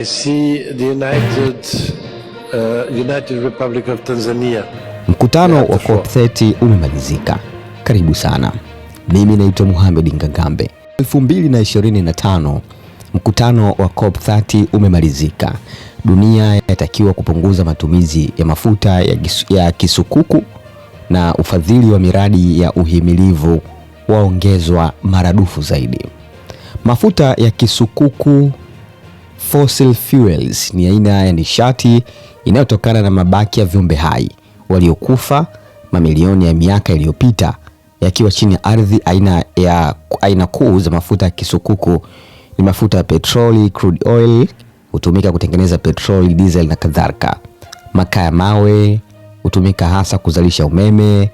I see the United, uh, United Republic of Tanzania. Mkutano wa COP30 umemalizika. Karibu sana. Mimi naitwa Mohamed Ngangambe. 2025 mkutano wa COP30 umemalizika. Dunia yatakiwa kupunguza matumizi ya mafuta ya, gisu, ya kisukuku na ufadhili wa miradi ya uhimilivu waongezwa maradufu zaidi. Mafuta ya kisukuku Fossil fuels ni aina ya nishati inayotokana na mabaki ya viumbe hai waliokufa mamilioni ya miaka iliyopita yakiwa chini ya ardhi. Aina ya aina kuu za mafuta ya kisukuku ni mafuta ya petroli crude oil, hutumika kutengeneza petroli, diesel na kadhalika. Makaa ya mawe hutumika hasa kuzalisha umeme.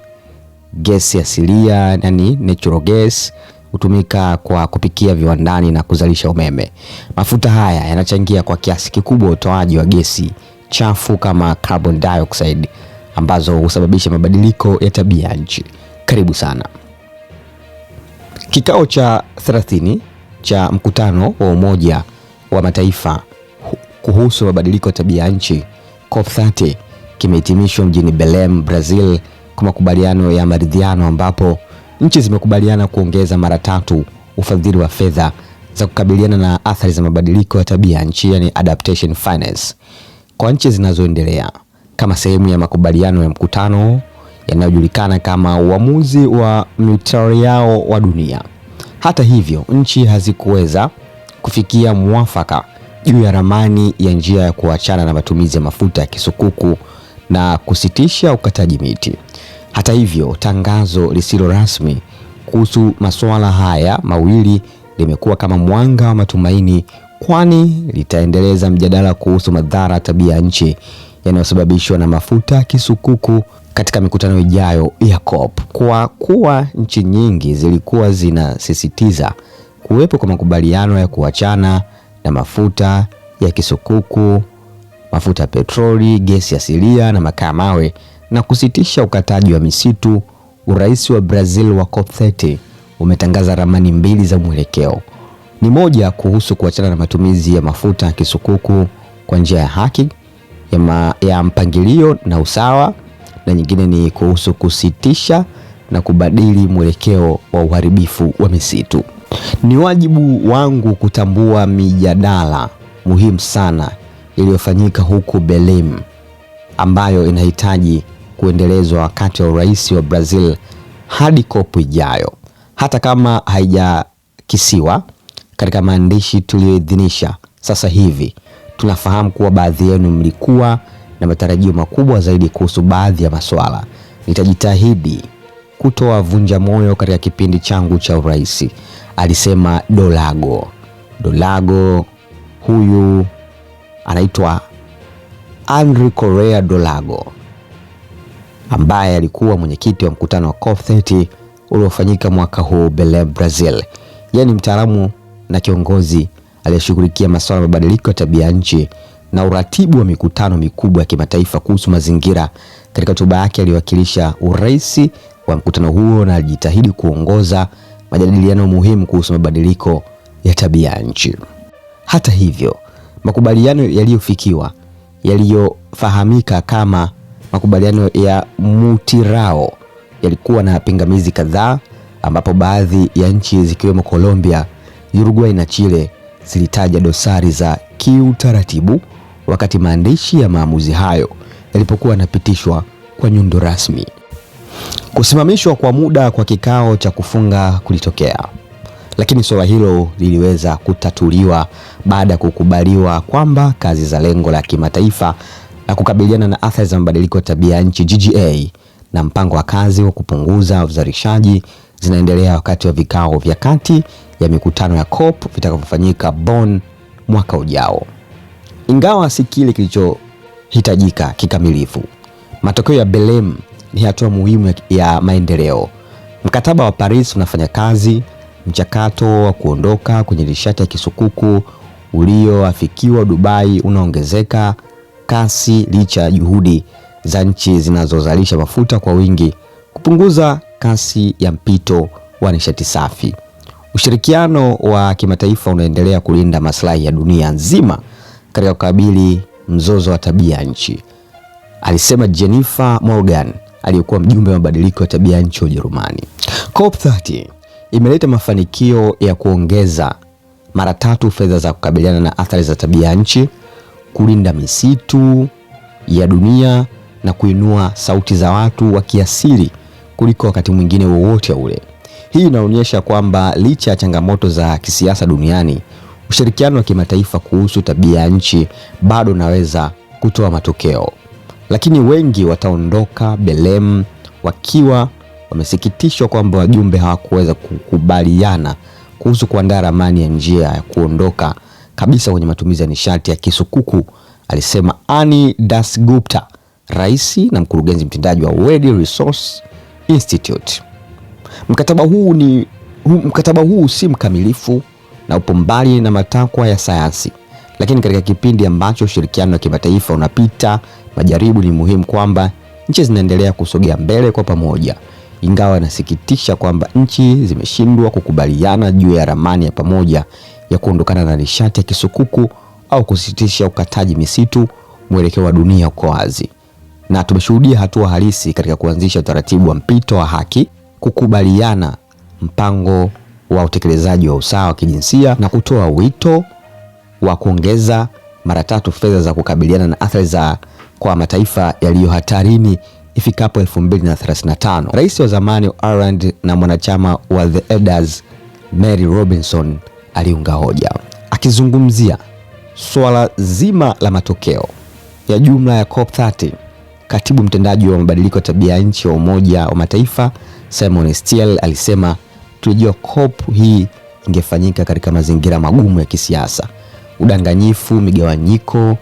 Gesi asilia, yani natural gas hutumika kwa kupikia viwandani na kuzalisha umeme. Mafuta haya yanachangia kwa kiasi kikubwa utoaji wa gesi chafu kama carbon dioxide ambazo husababisha mabadiliko ya tabia ya nchi. Karibu sana. Kikao cha 30 cha mkutano wa Umoja wa Mataifa kuhusu mabadiliko ya tabia ya nchi COP30 kimehitimishwa mjini Belem, Brazil kwa makubaliano ya maridhiano ambapo nchi zimekubaliana kuongeza mara tatu ufadhili wa fedha za kukabiliana na athari za mabadiliko ya tabia nchi, yani adaptation finance, kwa nchi zinazoendelea kama sehemu ya makubaliano ya mkutano yanayojulikana kama uamuzi wa Montreal wa dunia. Hata hivyo, nchi hazikuweza kufikia mwafaka juu ya ramani ya njia ya kuachana na matumizi ya mafuta ya kisukuku na kusitisha ukataji miti. Hata hivyo, tangazo lisilo rasmi kuhusu masuala haya mawili limekuwa kama mwanga wa matumaini, kwani litaendeleza mjadala kuhusu madhara tabia ya nchi yanayosababishwa na mafuta ya kisukuku katika mikutano ijayo ya COP. Kwa kuwa nchi nyingi zilikuwa zinasisitiza kuwepo kwa makubaliano ya kuachana na mafuta ya kisukuku, mafuta ya petroli, gesi asilia na makaa mawe na kusitisha ukataji wa misitu, urais wa Brazil wa COP30 umetangaza ramani mbili za mwelekeo. Ni moja kuhusu kuachana na matumizi ya mafuta ya kisukuku kwa njia ya haki ya, ma, ya mpangilio na usawa, na nyingine ni kuhusu kusitisha na kubadili mwelekeo wa uharibifu wa misitu. Ni wajibu wangu kutambua mijadala muhimu sana iliyofanyika huku Berlin ambayo inahitaji kuendelezwa wakati wa urais wa Brazil hadi kopu ijayo, hata kama haijakisiwa katika maandishi tuliyoidhinisha sasa hivi. Tunafahamu kuwa baadhi yenu mlikuwa na matarajio makubwa zaidi kuhusu baadhi ya masuala. Nitajitahidi kutoa vunja moyo katika kipindi changu cha urais, alisema Dolago. Dolago huyu anaitwa andri Correa Dolago ambaye alikuwa mwenyekiti wa mkutano wa COP30 uliofanyika mwaka huu Belém, Brazil. Yeye ni mtaalamu na kiongozi aliyeshughulikia masuala ya mabadiliko ya tabia nchi na uratibu wa mikutano mikubwa ya kimataifa kuhusu mazingira. Katika hotuba yake aliwakilisha urais wa mkutano huo na alijitahidi kuongoza majadiliano muhimu kuhusu mabadiliko ya tabia nchi. Hata hivyo, makubaliano yaliyofikiwa yaliyofahamika kama makubaliano ya Mutirao yalikuwa na pingamizi kadhaa, ambapo baadhi ya nchi zikiwemo Colombia, Uruguay na Chile zilitaja dosari za kiutaratibu wakati maandishi ya maamuzi hayo yalipokuwa yanapitishwa kwa nyundo rasmi. Kusimamishwa kwa muda kwa kikao cha kufunga kulitokea, lakini suala hilo liliweza kutatuliwa baada ya kukubaliwa kwamba kazi za lengo la kimataifa na kukabiliana na athari za mabadiliko ya tabia ya nchi GGA na mpango wa kazi wa kupunguza uzalishaji zinaendelea wakati wa vikao vya kati ya mikutano ya COP vitakavyofanyika Bonn mwaka ujao. Ingawa si kile kilichohitajika kikamilifu, matokeo ya Belem ni hatua muhimu ya maendeleo. Mkataba wa Paris unafanya kazi. Mchakato wa kuondoka kwenye nishati ya kisukuku ulioafikiwa Dubai unaongezeka kasi licha ya juhudi za nchi zinazozalisha mafuta kwa wingi kupunguza kasi ya mpito wa nishati safi. Ushirikiano wa kimataifa unaendelea kulinda maslahi ya dunia nzima katika kukabili mzozo wa tabia nchi, alisema Jennifer Morgan aliyekuwa mjumbe wa mabadiliko ya tabia nchi wa Ujerumani. COP30 imeleta mafanikio ya kuongeza mara tatu fedha za kukabiliana na athari za tabia nchi kulinda misitu ya dunia na kuinua sauti za watu wa kiasili kuliko wakati mwingine wowote ule. Hii inaonyesha kwamba licha ya changamoto za kisiasa duniani, ushirikiano wa kimataifa kuhusu tabia ya nchi bado unaweza kutoa matokeo. Lakini wengi wataondoka Belem wakiwa wamesikitishwa kwamba wajumbe hawakuweza kukubaliana kuhusu kuandaa ramani ya njia ya kuondoka kabisa kwenye matumizi ya nishati ya kisukuku, alisema Ani Gupta, rais na mkurugenzi mtendaji wa World Resource Institute. Mkataba huu ni mkataba huu si mkamilifu na upo mbali na matakwa ya sayansi, lakini katika kipindi ambacho ushirikiano wa kimataifa unapita majaribu, ni muhimu kwamba nchi zinaendelea kusogea mbele kwa pamoja. Ingawa inasikitisha kwamba nchi zimeshindwa kukubaliana juu ya ramani ya pamoja ya kuondokana na nishati ya kisukuku au kusitisha ukataji misitu, mwelekeo wa dunia uko wazi na tumeshuhudia hatua halisi katika kuanzisha utaratibu wa mpito wa haki, kukubaliana mpango wa utekelezaji wa usawa wa kijinsia na kutoa wito wa kuongeza mara tatu fedha za kukabiliana na athari za kwa mataifa yaliyo hatarini ifikapo 2035. Rais wa zamani wa Ireland na mwanachama wa The Elders Mary Robinson aliunga hoja akizungumzia swala zima la matokeo ya jumla ya COP30. Katibu mtendaji wa mabadiliko ya tabia ya nchi wa Umoja wa Mataifa Simon Stiel alisema, tulijua COP hii ingefanyika katika mazingira magumu ya kisiasa. Udanganyifu, migawanyiko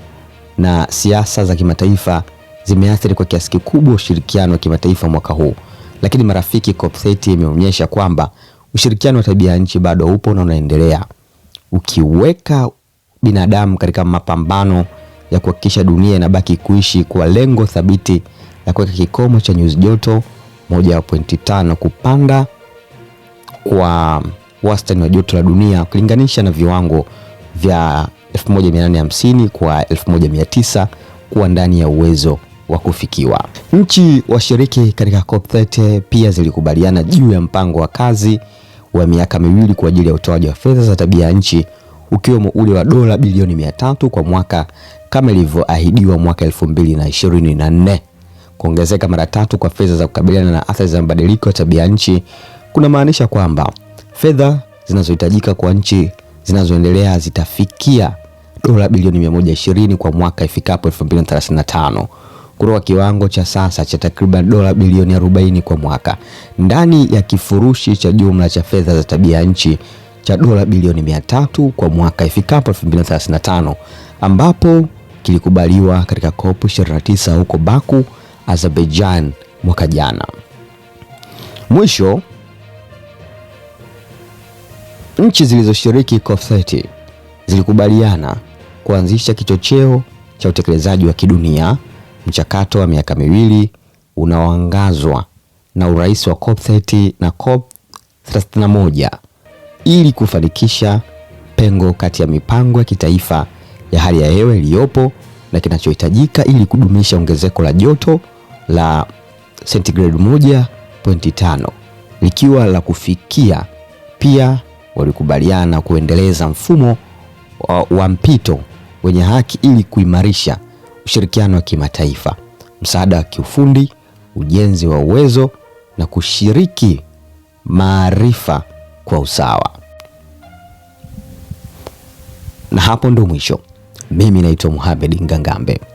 na siasa za kimataifa zimeathiri kwa kiasi kikubwa ushirikiano wa kimataifa mwaka huu, lakini marafiki, COP30 imeonyesha kwamba ushirikiano wa tabia nchi bado upo na unaendelea, ukiweka binadamu katika mapambano ya kuhakikisha dunia inabaki kuishi kwa lengo thabiti la kuweka kikomo cha nyuzi joto 15 kupanda kwa wastani wa joto la dunia ukilinganisha na viwango vya 1850 kwa 1900 kuwa ndani ya uwezo wa kufikiwa. Nchi washiriki katika COP30 pia zilikubaliana juu ya mpango wa kazi wa miaka miwili kwa ajili ya utoaji wa fedha za tabia ya nchi ukiwemo ule wa dola bilioni mia tatu kwa mwaka kama ilivyoahidiwa mwaka 2024. Kuongezeka mara tatu kwa fedha za kukabiliana na athari za mabadiliko ya tabia nchi kunamaanisha kwamba fedha zinazohitajika kwa nchi zinazoendelea zitafikia dola bilioni 120 kwa mwaka ifikapo 2035 kutoka kiwango cha sasa cha takriban dola bilioni 40 kwa mwaka ndani ya kifurushi cha jumla cha fedha za tabia nchi cha dola bilioni 300 kwa mwaka ifikapo 2035 ambapo kilikubaliwa katika COP 29 huko Baku, Azerbaijan mwaka jana. Mwisho, nchi zilizoshiriki COP30 zilikubaliana kuanzisha kichocheo cha utekelezaji wa kidunia mchakato wa miaka miwili unaoangazwa na urais wa COP30 na COP31 ili kufanikisha pengo kati ya mipango ya kitaifa ya hali ya hewa iliyopo na kinachohitajika ili kudumisha ongezeko la joto la sentigredi 1.5 likiwa la kufikia. Pia walikubaliana kuendeleza mfumo wa mpito wenye haki ili kuimarisha ushirikiano wa kimataifa, msaada wa kiufundi, ujenzi wa uwezo na kushiriki maarifa kwa usawa. Na hapo ndo mwisho. Mimi naitwa muhamed Ngangambe.